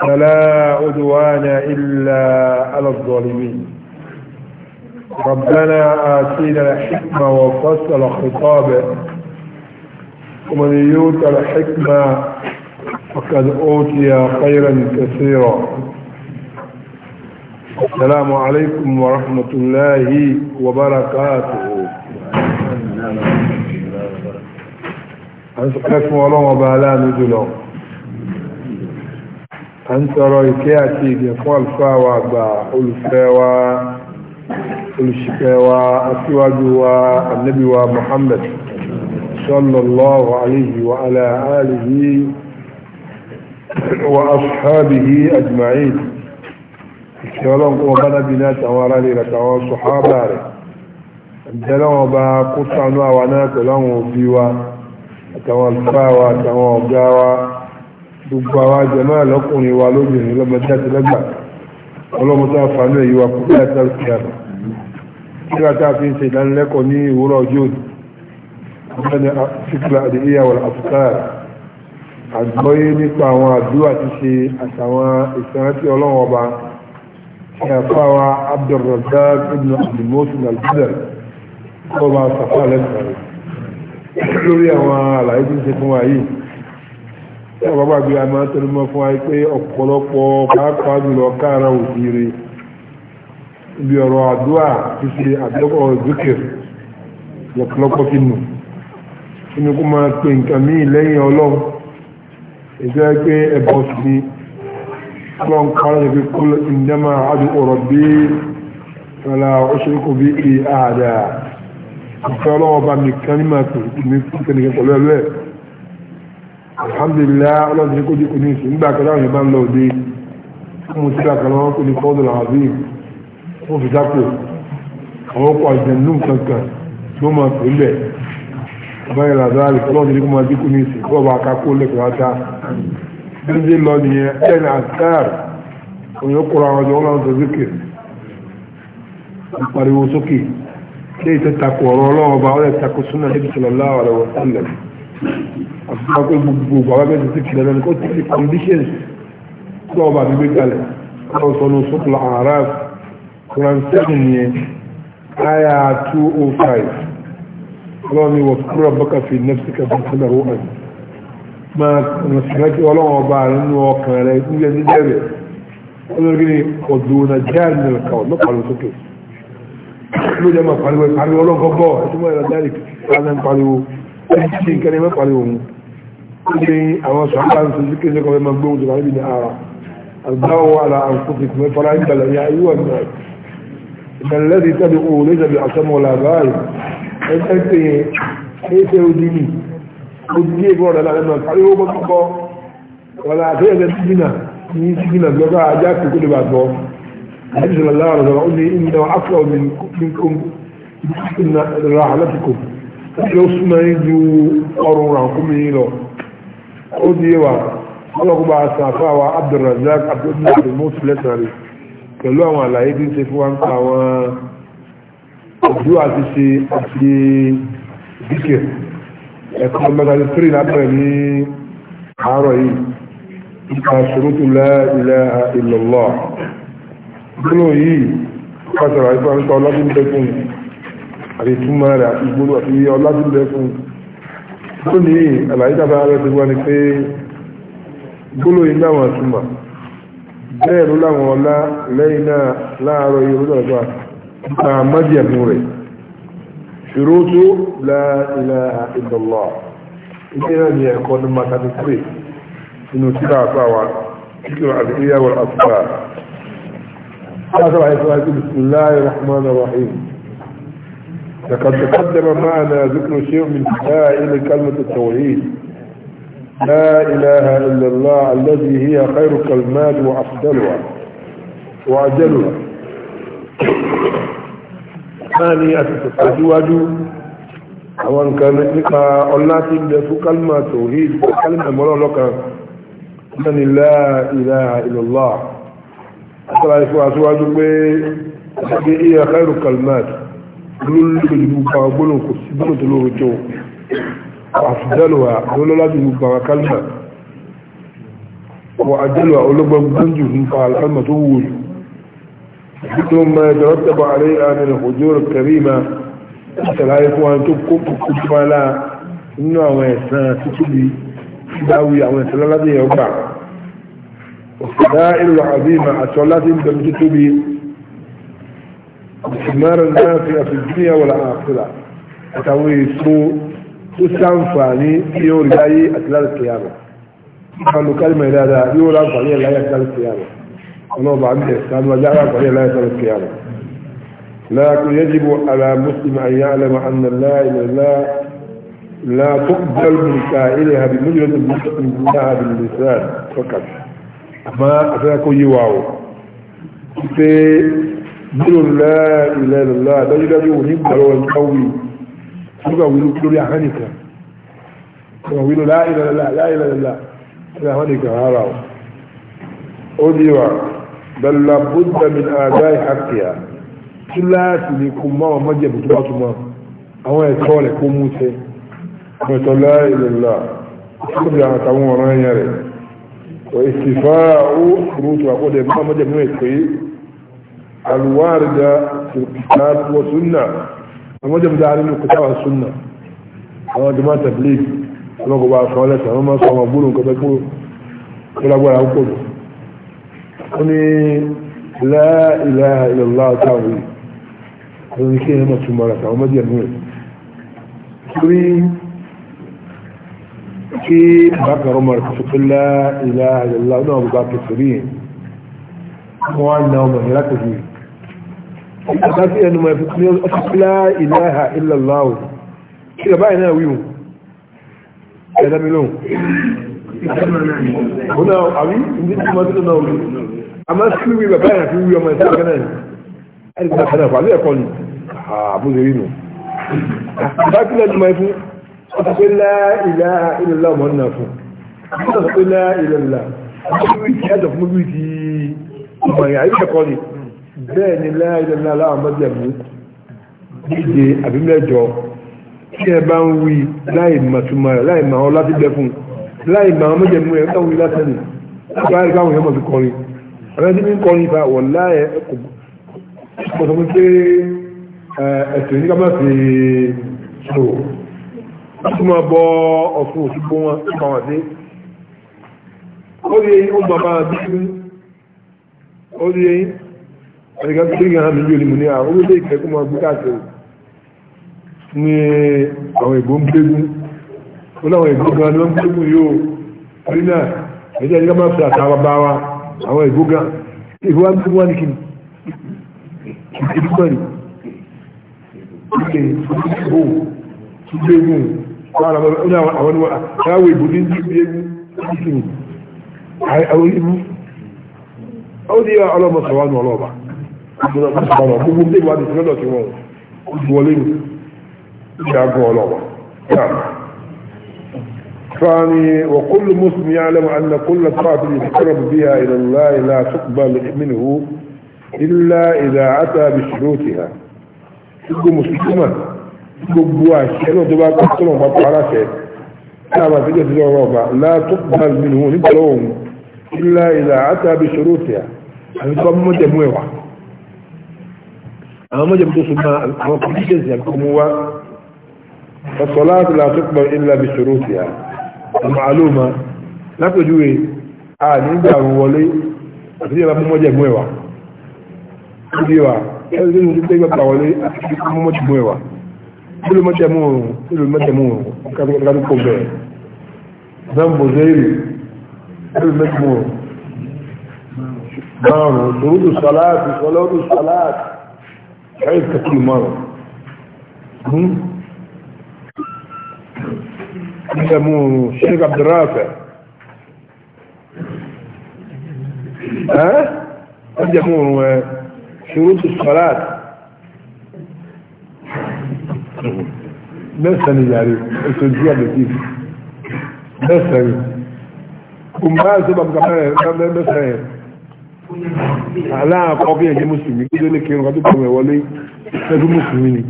فلا عدوان إلا على الظالمين ربنا آتينا الحكمة وفصل خطابه ومن يؤت الحكمة فقد أوتي خيرا كثيرا السلام عليكم ورحمة الله وبركاته أنت قسم الله وبعلا نجلهم أنتَ النبي ومحمد صلى الله عليه وعلى آله وأصحابه أجمعين السلام وبنا بنا تمارين لتوا صحابة الجلوة بقصة نوع وناك لهم بيوا تمارفا وتمارفا gbogbo àwọn jàmá lọ́kùnrin wa lóbìnrin lọ́mọdé àti lọ́gbà ọlọ́mọdé àfààní èyí wa kò bẹ́ẹ̀ tẹ́lẹ̀ sí a nígbà tá a fi ń ṣe ìdánilẹ́kọ̀ọ́ ní ìwúrọ̀ ọjọ́ òní ọ̀gbẹ́ni síkìlà àti ìyàwó àfùkárà àgbọ́yé nípa àwọn àdúrà ti ṣe àtàwọn ìsìnrántí ọlọ́run ọba tí a fà wá Abdulrazak ibn abdulmosin albidar kọ́ bá sàfà lẹ́sìn rẹ̀ lórí àwọn àlàyé tí ń ṣe fún wa yìí náà bàbá gbé àmà tẹnumọ́ fún wa pé ọ̀pọ̀lọpọ̀ pàápàá jùlọ káàrà òbíire ibi ọ̀rọ̀ àdúrà ṣíṣe àbẹ́kọ̀ ìdúkẹ̀ lọ́pọ̀lọpọ̀ ti nù inú kó máa pe nǹkan míì lẹ́yìn ọlọ́run ìjọ pé ẹ̀bọ̀ sì ni ọlọ́run kárọ̀ yẹ alhamdulilah ọlọ́run ní kójú kùnú ìsìn nígbà kan láwọn yorùbá ń lọ òde fún mo ti dàkà lọ́wọ́ kó ní fọ́ọ̀dù làwàbíyì wọ́n fi dápò àwọn ọkọ̀ àjẹnú kankan tí wọ́n máa pè ń bẹ̀ abáyé lazari ọlọ́run ní kó máa dínkù ní ìsìn kó ọba lẹ́kọ̀ọ́ ata bí lọ nìyẹn ten asar òun yóò kọ́ra àwọn ọjọ́ ọlọ́run tó zikir ìpariwo sókè lè tẹ́ takò ọ̀rọ̀ ọlọ́run ọba ọ̀rẹ́ takò súnà níbi sọ̀rọ̀ láwàlẹ̀ wọ̀ àtúntò gbogbo àwọn ẹgbẹ́ ti kìlẹ̀ lẹ́nu kó ti fi conditions tó ọba àti gbé kalẹ̀ kó sọnù sọ́kùlà araf Quran seven yẹn aya two oh five ọlọ́run ni wọ́n kúrò bọ́kà fi nẹ́fíkà bí sọ́nà rúhàn máa rántí ọlọ́run ọba nínú ọkàn rẹ̀ nílẹ̀ nílẹ̀ rẹ̀ ọlọ́run kí ni ọ̀dùn náà jẹ́ àmì ọ̀kà ọ̀nà pàlọ́ sókè ló jẹ́ máa pariwo pariwo ọlọ́run kọ́ bọ́ ẹ̀ tó pariwo ẹ̀ ẹ̀ mẹ́ pariwo òun ní àwọn sọ̀rọ̀ ń sojú kí ní kọfẹ́ ma gbóhùn jùlọ níbi ní ara àgbáwọ̀ ala àǹfọ́fíkù mẹ́fọ́lá ìbẹ̀lẹ̀ ya yíwọ̀ ní ìbẹ̀lẹ́dì tẹ́bi òun lè jẹ̀bi àsọmọ̀ làbáyé ẹgbẹ́ pé ẹgbẹ́ ojú ni ojú ní ìbọn rẹ̀ lálẹ́ náà kárí ó gbọ́dọ̀ kọ́ wọlé àtẹ́yẹsẹ̀ jìnnà ní jìnnà gbọ́dọ̀ ajá kókó lè bà bọ́ àti sọ̀rọ̀ láwọn ọ̀rọ̀ ó ní ìnáwó afọ mi ní kó ó di wa ọlọ́kùnbà sàfáwà abdulrazak abdulmọ̀lẹ̀ most lẹ́tàrí pẹ̀lú àwọn àlàyé tí ń ṣe fún wa ń pa àwọn ojú àti ṣe àti dìkẹ̀ ẹ̀kọ́ mẹ́tàlì tírì lábẹ̀rẹ̀ ní àárọ̀ yìí nípa ṣòrótù la ilaha illallah gbọ́nà yìí pàṣẹ àìfà ń ọlọ́dún bẹ́kùn àti túmọ̀ rẹ̀ àti gbọ́nà àti ọlọ́dún bẹ́kùn lónìí àlàyé tàbí ara ti wá ni pé gbóló iná wọn túmọ̀ bẹ́ẹ̀ ló láwọn ọlá lẹ́yìn náà láàárọ̀ yìí lọ́dọ̀ tó à ń májì ẹ̀mú rẹ̀ ṣòro tó la ilaha illallah ilé náà ni ẹ̀kọ́ ní matani pé inú síra àfáwa kíkìrọ̀ àti ìyàwó àfáà. Ṣé àṣọ àyẹ̀fọ́ àti bismillahir rahmanir لقد تقدم معنا ذكر شيء من فائل كلمة التوحيد لا إله إلا الله الذي هي خير كلمات وأفضلها وأجلها ثاني أتتفاجواج أولا كان نقا أولاتي بيسو كلمة توحيد كلمة مولا من لا إله إلا الله أتلا يسوى أسواج بي هي خير كلمات lórí gbogbo àwọn gbólóhùn kò sí gbólóhùn tó lóore tó àfìdálòwà lọ́lọ́lájú gbogbo àwọn kálmà wọ àjálòwà olóògbọ́n tó wúwo ثم يترتب عليها من الأجور الكريمة سلايف وأن تبكم كفالا إنه ويسنا تتبي داوي أو يسلا لدي يوقع العظيمة أسولات بم الثمار النافع في الدنيا والآخرة أتوي سوء تسانفاني يوري لاي أتلال القيامة قالوا كلمة لا لا يور أنفاني لا يأتلال القيامة ونوضع عندي كان وجاء أنفاني لا يأتلال القيامة لكن يجب على مسلم أن يعلم أن الله إلا الله لا تقبل من كائلها بمجرد المسلم منها باللسان فقط ما أتاكو يواو gbèrò láìlẹ̀ lọ́la dájúdájú òní gbàlọ́wọ́ ìkáwì nígbà wílú lórí àhánìkà nígbà wílú láìlẹ̀ lọ́la lórí àhánìkà rárá o ó ní wa bẹ̀lá bóńdà mi àdá ìhàkìyà tí láti ní kó máa wọn mọ́jẹ̀ bùtú bá túmọ̀ àwọn ẹ̀tọ́ rẹ̀ kó mú ṣe àwọn ẹ̀tọ́ láìlẹ̀ lọ́la ó bí àtàwọn ọ̀ràn yẹn rẹ̀ ìsìfà ó rútu àkọ́dẹ̀ máa mọ́jẹ̀ nínú ìpè الواردة في الكتاب والسنة أما جب دارين الكتاب والسنة أما جماعة تبليد أما قبع فالسة أما صلى الله عليه وسلم كلا قبع أقول لا إله إلا الله تعوي أقول لكي هم السمارة أما دي أمين أقول لكي هم السمارة كي بقى عمر فتق لا إله إلا الله نعم بقى كثيرين وعن نوم هلاك فيه àbá sí ẹnu mọ̀ ẹ̀fẹ́ ọ̀fẹ́lá ìláhà ìlàláwò kí lọ báyìí náà wíwù ẹ̀dámilóhùn ó náà àwí ní tí wọ́n tó náà wí a máa sí wí bàbá ìrìnàfí wí ọmọ ẹ̀sẹ̀ ọ̀gá náà ni bẹ́ẹ̀ ni láàrín aláwọ̀ mọ́jẹ̀mú díje àbí mẹ́jọ tí ẹ bá ń wí láì màtúmọ̀ rẹ̀ láì màá láti bẹ́ fún láì màá mọ́jẹ̀mú rẹ̀ káwọn ilá sẹ́nu láì káwọn èèyàn mọ̀ fi kọrin àwọn ẹni tí kọrin fa wọ̀ láì kò sọ pé ẹ̀sìn ní ká má fi sọ láti máa bọ ọ̀fun òṣùgbọ́ wọn nípa wọn sí ó rí eyín ó bàbá bí ó rí eyín ẹ̀ka tó ń yàrá mi yóò ní mo ní àwọn ah, olóògbé ìkẹ́kọ̀ọ́ máa gbé káàkiri ní àwọn ìbò ń gbégún ó láwọn ìbò gan ni wọ́n ń gbégún yóò rí náà ẹ̀jẹ̀ ẹ̀jẹ̀ máa fi àtàwọn bá wa àwọn ìbò gan ìbò wa ń gbégún wá ní kìnnì ìdúgbò ní ilé ìbò tí gbégún àwọn àwọn ìbò ní gbégún kìnnì àwọn ìbò ó di ọlọ́mọ sọ̀wọ́nù ọlọ́ọ̀bà gbogbo ọ̀pọ̀lọpọ̀ gbogbo tí wà ní ìfẹ́lọ̀ tí wọ́n ojú wọlé ní ìyàgọ́ ọlọ́wọ́ fani wa kullu muslim ya'lamu anna kullu ta'atin yuqarrabu biha ila Allah la tuqbal minhu illa idha ata bi shurutiha gbogbo muslima gbogbo àṣẹ náà tó bá kọ́ tó náà bá pa ara ṣẹ ká máa ọ̀rọ̀ ọba àwọn mọ́jẹ̀mú tó súnmọ́ àwọn conditions yẹn kó mú wá ọ̀sọ̀láàtì látọ́pọ̀ ilẹ̀ bí ṣòro sí à ọmọ alóòmà lápẹjúwe a nígbà wọlé àti ìyàrá mú mọ́jẹ̀mú ẹ̀wà níbi wa ẹ̀rọ tí mo ti gbẹ́gbẹ́ gbà wọlé àti mú mọ́jẹ̀mú ẹ̀wà kílò mọ́jẹ̀mú òrùn kílò mọ́jẹ̀mú حيث كل مرض يسموه الشيخ عبد الرافع ها يسموه شروط الصلاة مثلا بس يعني التوجيه لطيف بس كم ما سبب كمان مثلا aláàkọ́ kí ẹjẹ́ mùsùlùmí kí ló ní kí ọkọ̀ tó kọ̀ wọlé ẹgbẹ́ mùsùlùmí ni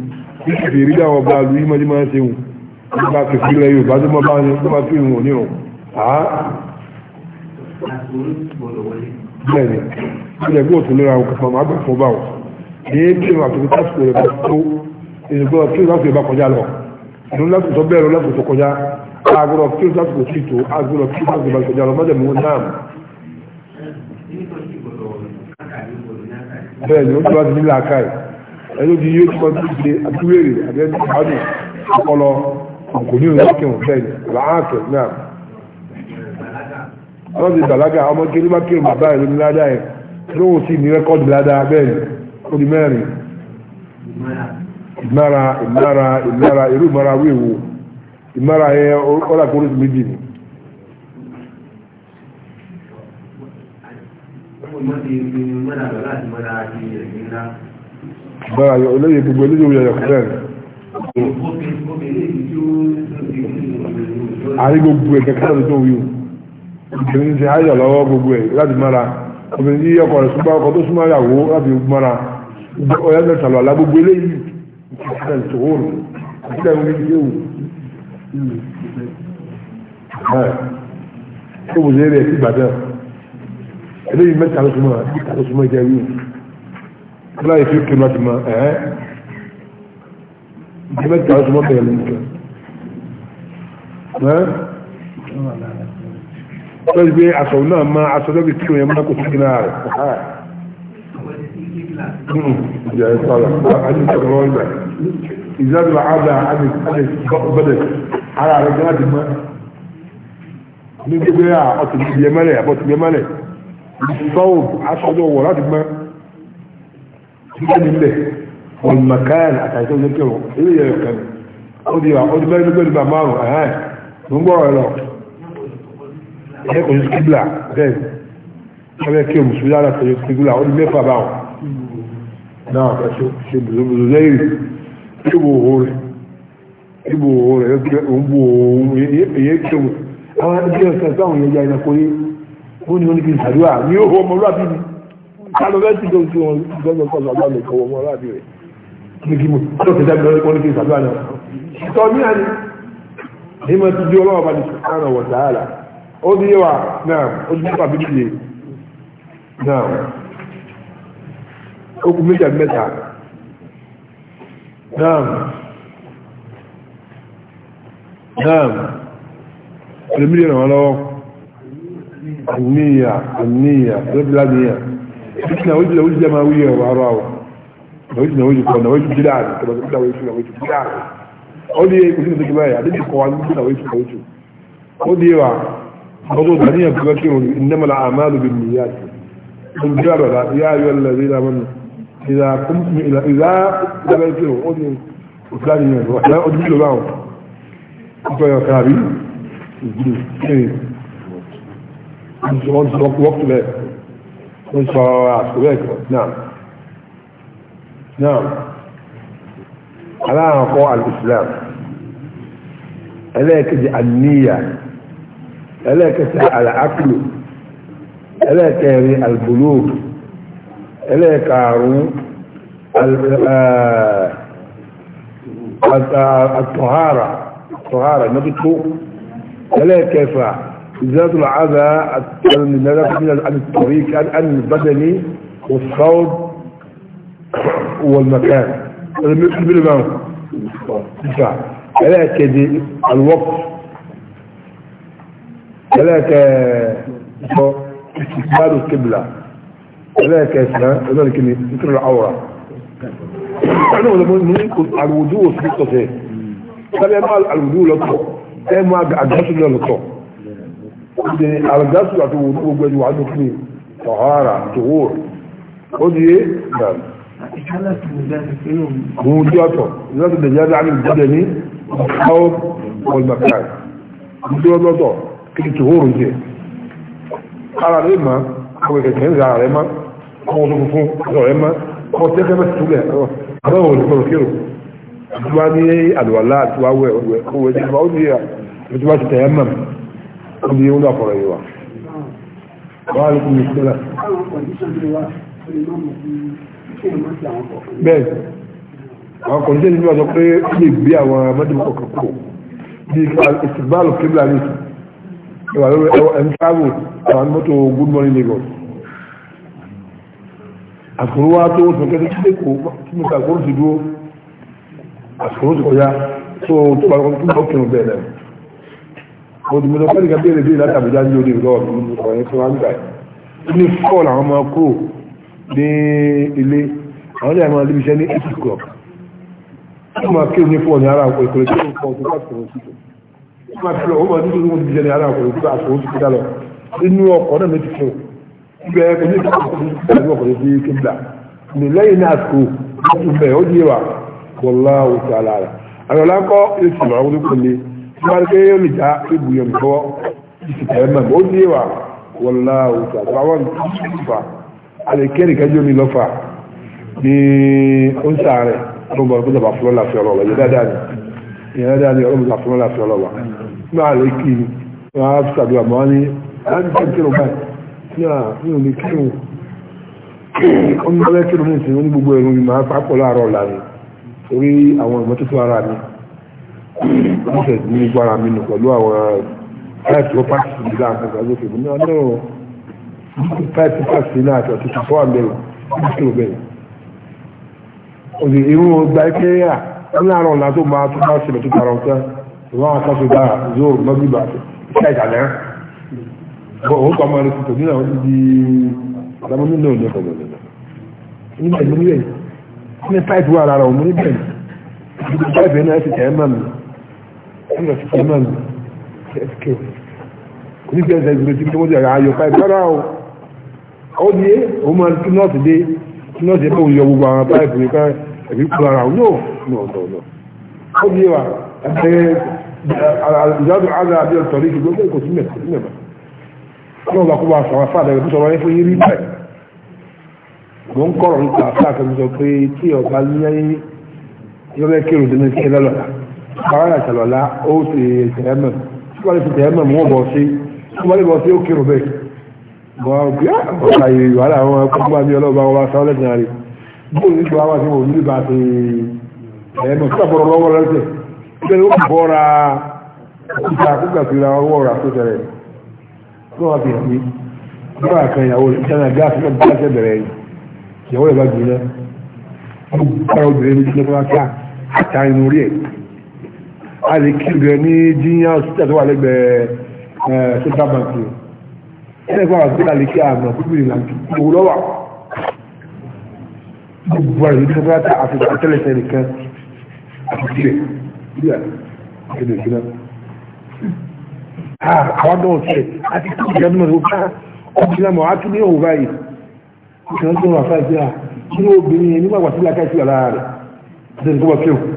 kí kìfì rí dáwọn bá lu yímọ́ jímọ́ ṣe wù bá kìfì rẹ̀ yóò bá tó mọ́ bá ní tó bá kírun òní rùn àá bẹ́ẹ̀ni ilẹ̀ bí òtún lera ọkọ̀ màmá gbà fún bá wọn ní bí wọn àti tásìkò rẹ̀ bá tó ìrìngbọ́ kí lásìkò bá kọjá lọ ìlú lásìkò tó bẹ̀rẹ̀ lásìkò tó kọjá agbọ̀rọ̀ kí lásìkò tó bẹ́ẹ̀ ni ó ti wá sí nílà káì ẹni ojú yóò kọ́ sí ṣe àtúwèrè àbẹ́ni àádùn ọpọlọ kò ní òun kẹwọn bẹ́ẹ̀ ni àlàáfẹ́ náà wọ́n ìmára ìmára ìmára irú ìmára wíwo ìmára yẹ méjì ni bára yọ olóyè gbogbo olóyè òun yọ̀yọ̀ fẹ́ àrí gbogbo ẹ̀ kẹ́kẹ́ lọ́dún tó wí o obìnrin ti ayọ̀ lọ́wọ́ gbogbo ẹ̀ láti mára obìnrin tí ọkọ rẹ̀ súnmọ́ ọkọ tó súnmọ́ ìyàwó láti mára ọ̀yá mẹ́ta lọ àlá gbogbo eléyìí kẹ́kẹ́ lọ́dún tó wò rò àti ẹ̀rù ní ilé wò. tó bùsẹ̀ rẹ̀ sí Ìbàdàn eléyìí mẹ́ta ló súnmọ́ mẹ́ta ló súnmọ́ jẹ́ wíwù kíláyì fi kí lọ́tí mọ́ ẹ̀ẹ́ jẹ́ mẹ́ta ló súnmọ́ bẹ̀rẹ̀ lẹ́yìn kan lọ́sí pé aṣọ náà máa aṣọ lọ́bí kí òun yẹn máa kò sí kíláà rẹ̀ jẹ́ sọ́lá àti ìṣẹ̀kọ̀ wọ́n gbà ìzáàbí wa ábà àti ìbọ̀bẹ̀lẹ̀ ara rẹ̀ gbọ́dọ̀ mọ́ ní gbogbo ọtí ìbíyẹmẹ́lẹ̀ àbọ̀tí ìbíyẹmẹ́lẹ̀ الصوت عشان هو لا تبقى تبقى له والمكان أتعيشون يذكره إيه يذكره أودي أودي ما يقول بأمامه أهاي من برا له إيه كنت كبلة زين أبي كيو مسؤول على سيد كبلة أودي ما فبعه نعم أشوف شو بزوج زين شو بوهور شو بوهور يذكر أم بوهور يكتب أنا أبي أستاذ أنا جاي نقولي ó ní oníkì ìṣàdúrà ní owó ọmọlúwàbí mi kálọ́fẹ́sì tó ń tí wọn gbọ́dọ̀ kọ́ ọ̀sán àgbàlẹ̀ kọ́ ọmọlúwàbí rẹ̀ ní kí mo tó ti dábìlọ́ ní oníkì ìṣàdúrà náà ìtọ́ ní àná ní mo ti di ọlọ́wọ́ bá ti sùkánà wọ̀ sàárà ó ní wà náà ó ti nípa bíbí lè náà ó kú méjì mẹ́ta náà náà ẹlòmíràn wọn lọ́wọ́. النية النية قبل النية إحنا وجدنا وجد جماوية وعراوة وجدنا وجد كنا وجد بلاد كنا وجه وجه وجه بلاد أولي يكون إيه؟ يعني في الجماعة عدد القوانين كنا وجد وجه أولي إيه؟ وا برضو دنيا بكتير إنما الأعمال بالنيات من جرى يا أيها الذين آمنوا إذا قمتم إلى إذا قمتم إلى إذا قمتم إلى إذا قمتم إلى إذا قمتم نعم نعم وقت لا وانت رب وقت لا نعم نعم على قوى الإسلام عليك النية عليك العقل عليك البلوغ عليك الطهارة الطهارة ما بتقول عليك كيف إزالة العذى من عن الطريق عن البدني والصوت والمكان لم نعم. يكن الوقت ثلاثة استقبال القبلة ثلاثة ذلك ذكر العورة أنا على الوجوه في التصحيح قال يا مال الوضوء لطفو ما مال الجسد لطفو ṣe àrùdásù àti wòlú gbogbo ẹni wàá lókè ọ̀hárà tòwó ó di é náà. mo ń jọ́tọ̀ láti lè yára àmì ìdílé ní ọ̀pọ̀ ọ̀gbàkàì mo dúró lọ́tọ̀ kí ni tòwó rò jẹ. ara rẹ̀ mọ́ àwọn ìkẹ̀kẹ̀ ń ra rẹ̀ mọ́ àwọn ọdún yóò dà fọ̀rọ̀ yìí wa wà á lókun nìkan lọ. bẹ́ẹ̀ àwọn kọ̀ọ̀dún yìí wọ́n sọ pé ó lè gbé àwọn amẹ́dẹ́gbẹ̀ kọ̀ọ̀kan kò bí ìsìgbàlù kébìlà ní ìwà lórí ẹ̀mí travel àwọn mọ́tò good morning Lagos àkùrúwá tó wọ́n tún kẹ́kẹ́ tí kò tí mo kà kó ti dúró àkùrú ti kọjá tó tó bá kọ́ tó bá kírun bẹ́ẹ̀ náà òdìmọ̀lọ́ fẹ́ẹ́ nìkan bẹ́ẹ̀ bẹ́ẹ̀ láti àbújá ní orí ìrọ̀ mi ọ̀rọ̀ yẹn tí wọ́n ń gbà yìí ní fọ́ọ̀lù àwọn ọmọ kú ní ilé àwọn ilé àwọn iléeṣẹ́ ní eight o'clock wọ́n máa kéwòn ní fọ́ọ̀lù ara àwọn ìkọlẹ̀ tí wọ́n fọ́ọ̀lù tó bá sọ̀rọ̀ sí tó wọ́n máa kílọ̀ wọ́n máa nítorí wọ́n ti jẹ́ ní ara àwọn ìkọlẹ̀ tó bá sọ̀rọ̀ sí tó dálọ̀ inú ọkọ̀ náà méjì fún ibẹ̀ ẹ̀kọ́ ní ìkọlẹ̀ tó bá gbárùkẹ́ yóò lè já ibùyọ̀ bọ́ ìsìnkẹ́mẹ̀ ó ní wà wọlá òkè àtàwọn ìfà alẹ́kẹ́rì kẹjọ mi lọ́fà ní oúnjẹ rẹ̀ ọlọ́mọ ọdún bàbá fúnlọ́ láfi ọ̀rọ̀ wà yẹ́dá dáadé yẹ́dá dáadé ọlọ́mọ bàbá fúnlọ́ láfi ọ̀rọ̀ wà ní alẹ́kì wọn á sàdúrà mọ́ ní alẹ́kẹ́rì báyìí ní àwọn olùkẹ́rì ọmọ alẹ́kẹ́rì mi sì ní gbogbo ẹ̀rù mi máa pàápọ̀ láàárọ̀ lánàá torí àwọn ìmọ́tótó ara mi mọ́sẹ̀sì ní gbára mi nù pẹ̀lú àwọn pẹ́ẹ̀tì oh, ó pàṣẹ ìlú àkàkà lókè mi náà náà pẹ́ẹ̀tì pàṣẹ ìlú àti ọ̀tún tó wà mẹ́rin tó bẹ̀rẹ̀ òsì irú gba ike yà wọ́n ní àrùn làtó máa tó bá ṣẹlẹ̀ tó tara ọ̀tá ìwọ́n àkàṣọ bá zoro lọ́gbìgbà iṣẹ́ ìtàlẹ́ òun kọ́ máa lọ́sítọ̀ nínú àwọn ibi àlámọ́ nínú òní ọ̀pọ̀ nígbà ìlú níbẹ̀ ní pẹ́ẹ̀tì wà lára òun níbẹ̀ ní pẹ́ẹ̀tì náà ti tẹ̀ ẹ̀rọ ti fẹ́ mọ́nu fsk kò ní fẹ́ẹ́ sẹ́yìn tí wọ́n ti rà ayọ̀ pa ìpẹ́rà o ó ní ó máa tún nọ́ọ̀sì dé tún nọ́ọ̀sì dé bóun yọ gbogbo àwọn páìpù yìí ká ẹ̀bí kú ara o nóò nóò nóò nóò ó ní wa ẹ̀ẹ́ ìjọba àgbà àbí ọ̀tọ̀ rí ṣùgbọ́n kò sí mẹ́ta sí mẹ́ta ọlọ́run bá kó bá sọ̀rọ̀ fáadà rẹ̀ sọ̀rọ̀ yẹn fún yín rí bẹ́ẹ̀ mo ń kọ̀rọ̀ nípa fáadà kan sọ pé tí ọ̀gá ní yọ̀rẹ́ kéròdé ní kí ẹ lọ́lọ́ta bàbá ìṣàlọ́lá ó ti tẹ̀ẹ́mọ̀ tí wọ́n lè fi tẹ̀ẹ́mọ̀ mú ọ̀bọ̀ sí tí wọ́n lè bọ̀ sí ó kírun bẹ́ẹ̀ bọ̀ bí ah, ọ̀la yìí wàhálà àwọn akọ́kọ́ bá ní ọlọ́ba wa sáwọ́ lẹ́sìn àárẹ̀ bóun ní gbọ́ wá sí òun níbi àti tẹ̀ẹ́mọ̀ tí àbọ̀rọ̀ lọ́wọ́ lẹ́sẹ̀ bẹ́ẹ̀ ó bọ́ra ìta kúkà fi ra ọwọ́ tó tẹ̀rẹ̀ tó wà fi hàn bá kan ìyàwó ìtẹ́nà gáàsì náà bá ṣe bẹ̀rẹ̀ ìyàwó rẹ̀ bá gbìyànjú ó bára obìnrin ní a lè kí rẹ̀ ní jíyàn sítà tó wà lẹ́gbẹ̀ẹ́ central bank rẹ̀ ẹ̀rẹ́ fún àwọn sílẹ̀ kí àmà pípé ìlànkì ìwò lọ́wà gbogbo àrẹ̀ ìdí sọ́kọ́ láti àfihàn àtẹ́lẹsẹ̀ nìkan àti sílẹ̀ bí àtẹ́lẹ̀ ìṣúná àwọn náà sílẹ̀ àti kí ìjọba náà tó bá ọdún lámọ̀ á tún ní òun báyìí ìṣàn tó wà fáìsì à nínú obìnrin nígbàgbà sílẹ̀ káìsì àlá rẹ̀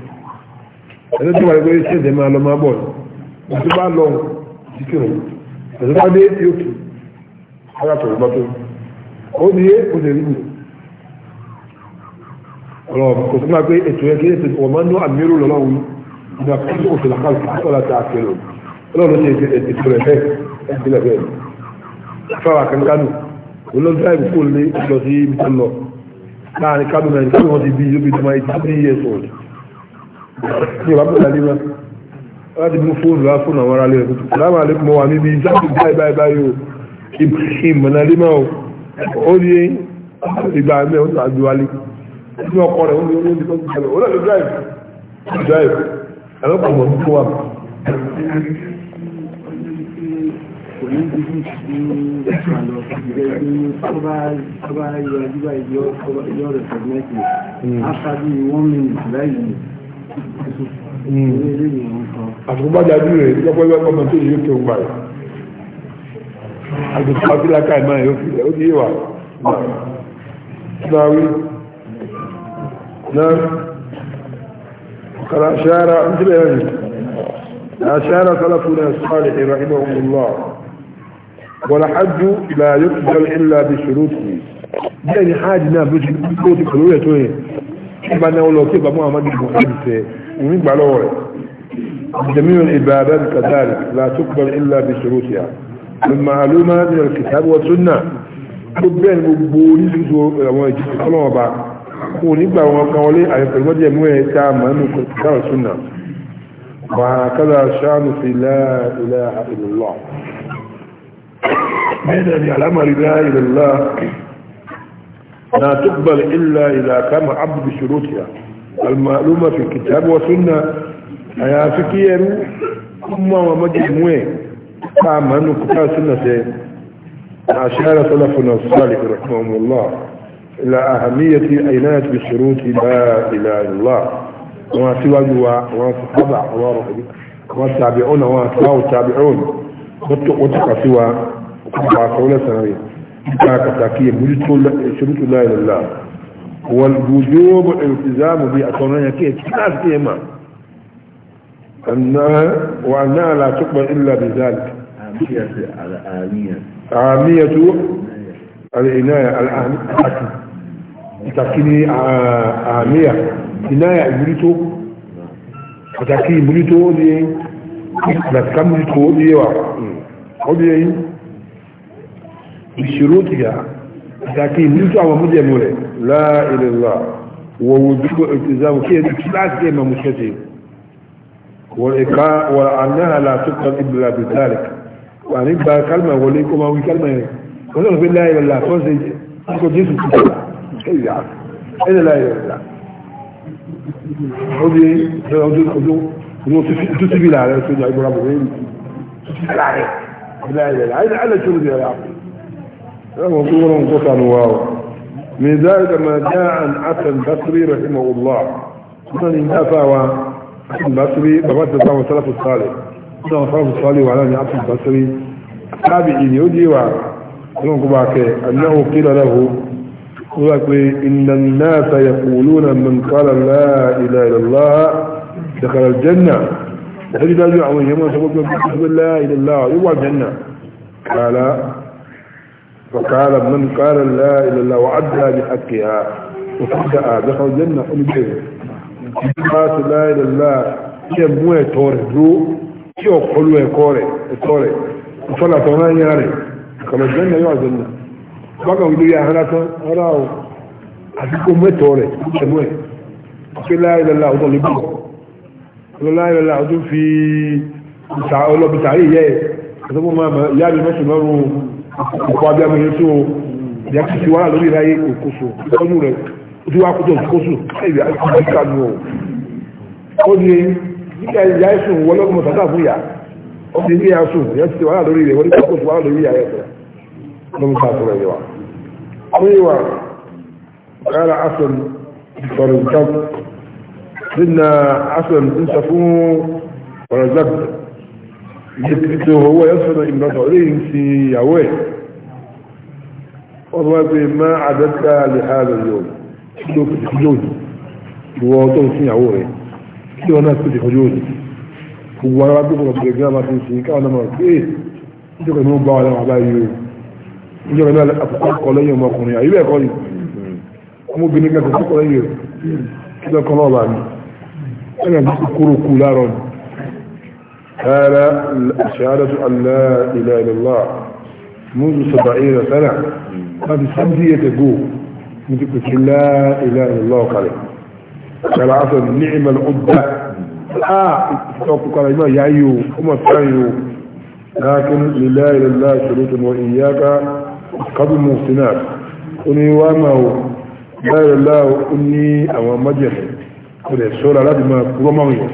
ẹni tó wà ní pé ṣé ẹ̀jẹ̀ máa lọ máa bọ̀ ní tó bá lọ ìdíkìrò ẹ̀jẹ̀ bá dé yóò tù ara tó gbọ́ tó ó ní yé ó lè rí mi ọlọ́wọ́ kò tó máa pé ètò yẹn kí ètò ọmọ inú àmírù lọ́wọ́ ìgbà kí ó fi làkàlù kọ́ láti àkèrò ọlọ́wọ́ ló ṣe ètò rẹ̀ bẹ́ẹ̀ ẹ̀jẹ̀ bẹ́ẹ̀ fáwọn akẹ́kọ̀ọ́ olóńtà ìkó lé lọ sí ibi tó lọ láàrin kánú nàìjíríà wọn ti bí yóò bí tó máa ti bí yẹ sọ̀rọ̀ ní ìwà bíbélà nígbà láti mú fóònù lá fóònù àwọn ará lè rẹ̀ láwọn àlè mọ́ wa níbi ìjáde báyìí báyìí báyìí o Ibrahim mọ̀nàlímà o ó ní ìgbà àmì ẹ̀ ó tà ju alẹ́ ní ọkọ rẹ̀ ó ní ó ní tó ń gbàgbẹ́ ó lọ́ọ́ drive drive ẹ̀rọ kò mọ̀ nípò After the one minute, right? àtùkùnbájáde rẹ̀ lọ́pọ̀ ẹgbẹ́ ọmọ tó ẹ̀ ó ti yé wa náà wí náà kàrà ṣáára ń tilẹ̀ ìgbà náà ó lọ sí ìgbàmọ́ àwọn ọmọdé ìgbà ìfẹ́ ìmí gbà lọ́wọ́ rẹ̀ jamiu ìbàdà kàtàrí láti kọ́ ilá bí ṣòro sí à màálùmá ní alkitabu wa sunna tó bẹ́ẹ̀ ni gbogbo oríṣiríṣi àwọn ìjọba ọlọ́wọ́ bá wọn ní gbà wọn kan wọlé àyẹ̀pẹ̀lúmọ́dé لا تقبل إلا إذا كان عبد بشروطها المعلومة في الكتاب والسنة أيا فكيرو ومجد ومجموعة قام أنه كتاب سنة أشار سلفنا الصالح رحمه الله إلى أهمية أينات بشروط لا إله إلا الله وما سوى وما وتابعون وتابعون وتقى سوى وقفوا سنوية nípa pàtàkì ìmójútó ṣorútó láìlọ́lá wọ́n gbogbo ìlúfìzámù bí àtọ̀rọ̀yàn kí ẹ̀kí láti kí ẹ mà wà náà látúpọ̀ ìlà bizalik àmìyàtú al'ináyà al'ahàtù pàtàkì ní àmìyà ìnáyà ìmójútó pàtàkì ìmójútó ó di yẹn بشروطها لكن يوجد أما مولي لا إلى الله ووجوب التزام كيف بعض كيما مشكلتين والإقاء وأنها لا تقبل إلا بذلك وأن يبقى كلمة وليكم أو كلمة لا إله إلا الله توزي أقول جيسو تقول كيف يعرف يعني؟ إلى الله إلى الله حبي حدود حدود تسبيل على سيدنا إبراهيم تسبيل عليه لا إلى الله إلى الله شنو بيعرف فهو دور قطعا واو من ذلك ما جاء عن حسن بصري رحمه الله من نفى حسن بصري بمثل سلام السلف الصالح سلام السلف الصالح وعلى حسن بصري تابعين يجي أنه قيل له إن الناس يقولون من قال لا إله إلا الله دخل الجنة تجد أن يعمل يمون يقول لا إله إلا الله يقول الجنة قال فقال من قال لا اله إلا الله وعدها بحقها وفقها دخل الجنة أمي بيه قالت لا اله إلا الله هي موي توري درو هي قلوة كوري كوري وصلى تونا ياري كما الجنة يوع الجنة بقى ويدو يا هلا هلاو أفكم موي توري موية قال لا اله إلا الله وضل يبقى قال لا اله إلا الله وضل في بتاع الله بتاعيه يا يا يا يا ماشي يا يا ọ̀pọ̀ abẹ́mu yẹn tó ìyá kìí wà lórí ìráyé kòkòsò ìtọ́jú rẹ̀ ó ti wá kótó kókòsò láì rí àkókò nù ọ́ ó ní nígbà ìyá ẹ̀sùn wọlé ọmọ sàkà fún ìyá ó ti ní ìyá sùn ìyá ti wà lórí rẹ̀ wọ́n ní kókòsò wà lórí ìyá ẹ̀sẹ̀ lọ́mú sàkóra ìyá wa. ó yẹ wa kára asan sọ̀rọ̀ ìjọba nínú asan ń sọ fún ọ̀rọ̀ ìjọba يتبتو هو يصفر امرأة عليه في يعوه والله ما عددت لهذا اليوم كله في حجوزي ووضعه في يعوه كله ناس في حجوزي هو ربك رب الجامعة في سيكا وانا ما ايه يجب ان يوم بعض العبائي يجب ان اتفق علي وما اخوني ايوه قولي امو بنيك اتفق علي كده قلوبة عني انا بس كورو كولارون قال شهادة أن لا إله إلا الله منذ سبعين سنة قد سمدي من تقول لا إله إلا الله قال قال عصر نعم العدة لا آه، استوقف قال إما يعيو وما تسعيو لكن لله إلا الله شروط وإياك قبل المحسنات أني وامه لا إله إلا الله أني أمام مجرد قل السورة لازم أكبر مغير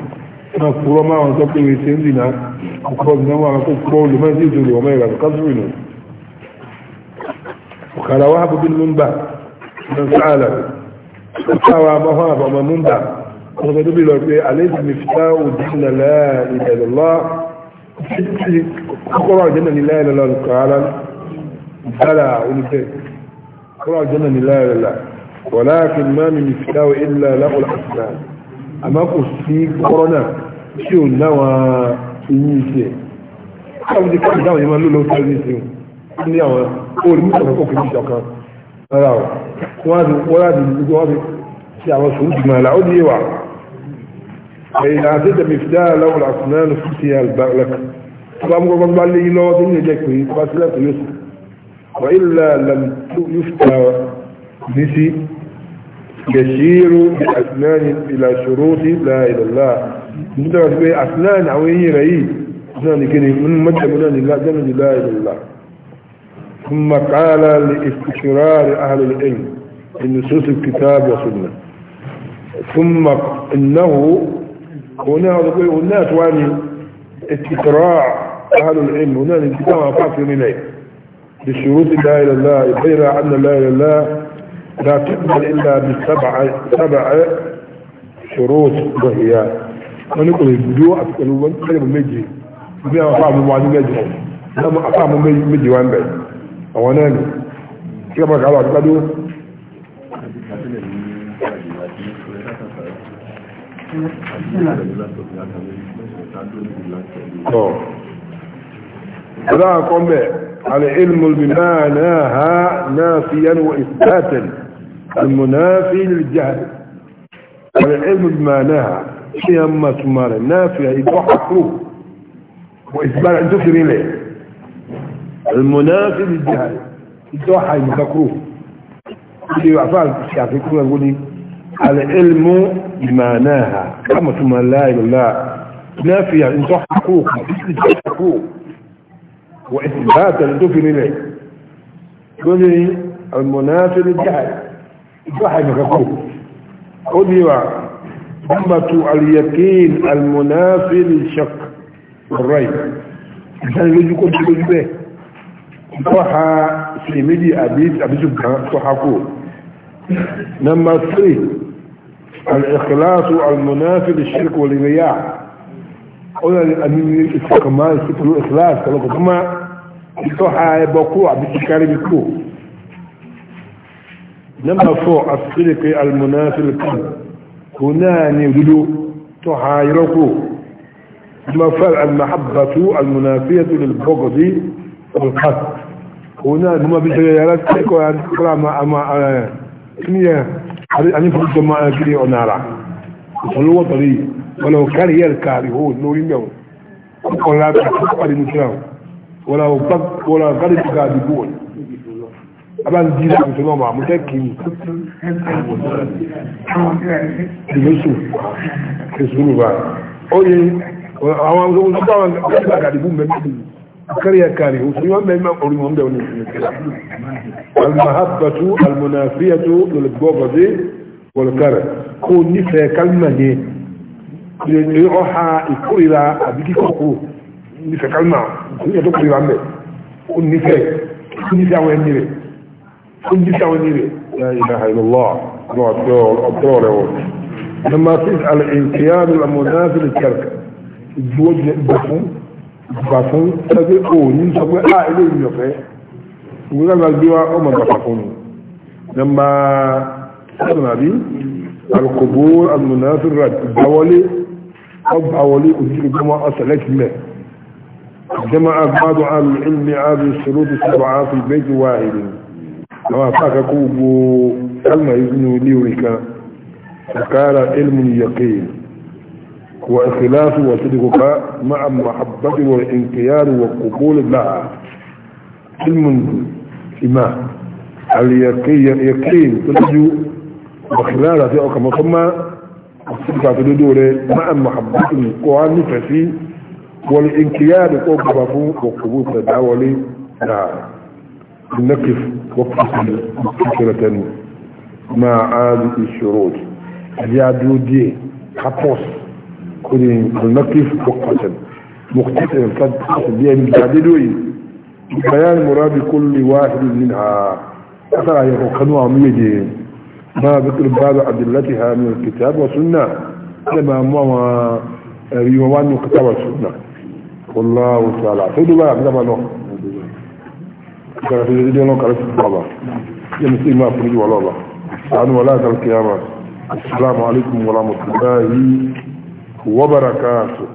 ما كل ما أنت تقولي تنزينا أقول نوع أقول كل ما زيد اليوم ما يقدر قصرينه وكان واحد بالمنبع من سعالة فهو أبوها أبو منبع وقد نبي له في عليه المفتاح ودين لا إله إلا الله قرأ جنة لا إله إلا الله قال بلى قرأ جنة لا إله إلا الله ولكن ما من مفتاح إلا له الأسلام àmọ́ kò sí kọ́rọ́nà tí ò náwọn eyín iṣẹ́ káwọn ti káàdì dáwọn yẹn máa ń lò lọ́wọ́ tẹ́lẹ̀ ní ìsìn ní àwọn olùmú ìṣọ̀kan kò kìí ìṣọ̀kan rárá o wọ́n á ti wọ́n á ti gbogbo wọ́n fi ṣe àwọn sòrò jùmọ̀ àlà ó níyẹwà ẹ̀yìn àti ìtẹ̀mí fìdá aláwọ̀ àfúnáàlù fún ti àlùbáàlùkà tó bá mú kọ́kọ́ bá lé yín lọ́wọ́ tó ń yẹjẹ pé bá يشير بأسنان إلى شروط لا إلى الله مثل ما أسنان أو هي رأي أسنان كني من مدى من لا دم لا إلى الله ثم قال لاستشرار أهل العلم في نصوص الكتاب والسنة ثم إنه هنا هنا تواني استقراع أهل العلم هنا الكتاب أفاق من إليه بشروط لا إلى الله غير أن لا إلى الله لا تقبل إلا بسبع سبع شروط وهي ونقول الدواء الأول كلمة مجي بها أفعام وعد مجي لما أفعام مجي وعن بعد أو نامي كيف بك على أكبر لا قم على علم بمعناها نافيا وإثباتا المنافي للجهل والعلم بمعناها هي ما تمارا نافية إيضاح حقوق وإثبات عن تفر إليه المنافي للجهل إيضاح المكروه اللي يعفعل الشافعي يقول نقول العلم بمعناها كما ثم لا إله الله نافية إيضاح حقوق إيضاح حقوق وإثبات عن تفر إليه قولي المنافي للجهل صح مكفوف خذوا أمة اليقين المنافي للشك والريب الإنسان يجي يكون يجي به صحى سيميدي أبيت أبيت صحكو نما 3 الإخلاص المنافي للشرك والرياء قلنا لأمين الاستقمال سيطلو إخلاص كما صحى يبقوا أبيت كاري بكو نما فور الصدق المناسب للقلب هناني ودلو تحايركو نمبر المحبة المنافية للبغض والقصد هنا هما بالتغيرات تكو عن ما اما اني اني فرد ما اجري انارا صلوا طريق ولو كره الكارهون نور يوم ولا تقبل المسلم ولا بق ولا غرب كاذبون abájú jí láti tó náà mú tẹ́kì ní ìlúṣù èsù nìbà ó yẹ àwọn ohun tó báwọn ọ̀gbẹ́ àgàdìbò mẹ́bí kárí àkàrí oṣù yóò mẹ́rin orí wọn bẹ̀rẹ̀ ní ìpínlẹ̀ almahabbatu almunafiyatu lọ́lọ́gbọ́gbọ́dé wọlọ́kàrẹ̀ kó nífẹ̀ẹ́ kálmà yẹ ọha ìkórira àbíkíkọ̀kọ́ nífẹ̀ẹ́ kálmà ìyẹn tó kórira mẹ́ ó nífẹ̀ẹ́ nífẹ̀ẹ́ àwọn ẹni rẹ̀ كنت كونيري لا إله إلا الله الله أبطور لما تسأل انقياد المنافل الكرك الزوج بفهم بفهم تبقون ينصبوا آه إليه يفعي وقال البيوع أمر بفهم لما سألنا بي القبور المنافل رد الدولي أب أولي أجل جماعة أسألك الله جمع بعض أهل العلم هذه الشروط السبعة في بيت واحد àwọn àfáàkà kó gbogbo kalma ìsinú ní orin kan ṣàkára ilmin yaqin wa ikhlasu wa sidquka ma'a mahabbati wa inqiyar wa qabul laha ilmin ima al-yaqin tó lójú wa ikhlasu àti ọkà mọ́kànmá sidqa tó dódó rẹ̀ ma'a mahabbati kó wá nífẹ̀ẹ́ sí wa inqiyar kó gbogbo fún wa qabul laha نقف وقفة مع هذه الشروط يا دودي حبوس كلين نقف وقفة مختصرة تدخل بها من بيان مراد كل واحد منها أثر يرقنوا ميدين ما ذكر بعض أدلتها من الكتاب والسنة كما موا ريوان الكتاب والسنة والله تعالى خذوا بقى كانت الذين لهم كانت الله يمسي ما فرج ولا الله عن ولاة القيامة السلام عليكم ورحمة الله وبركاته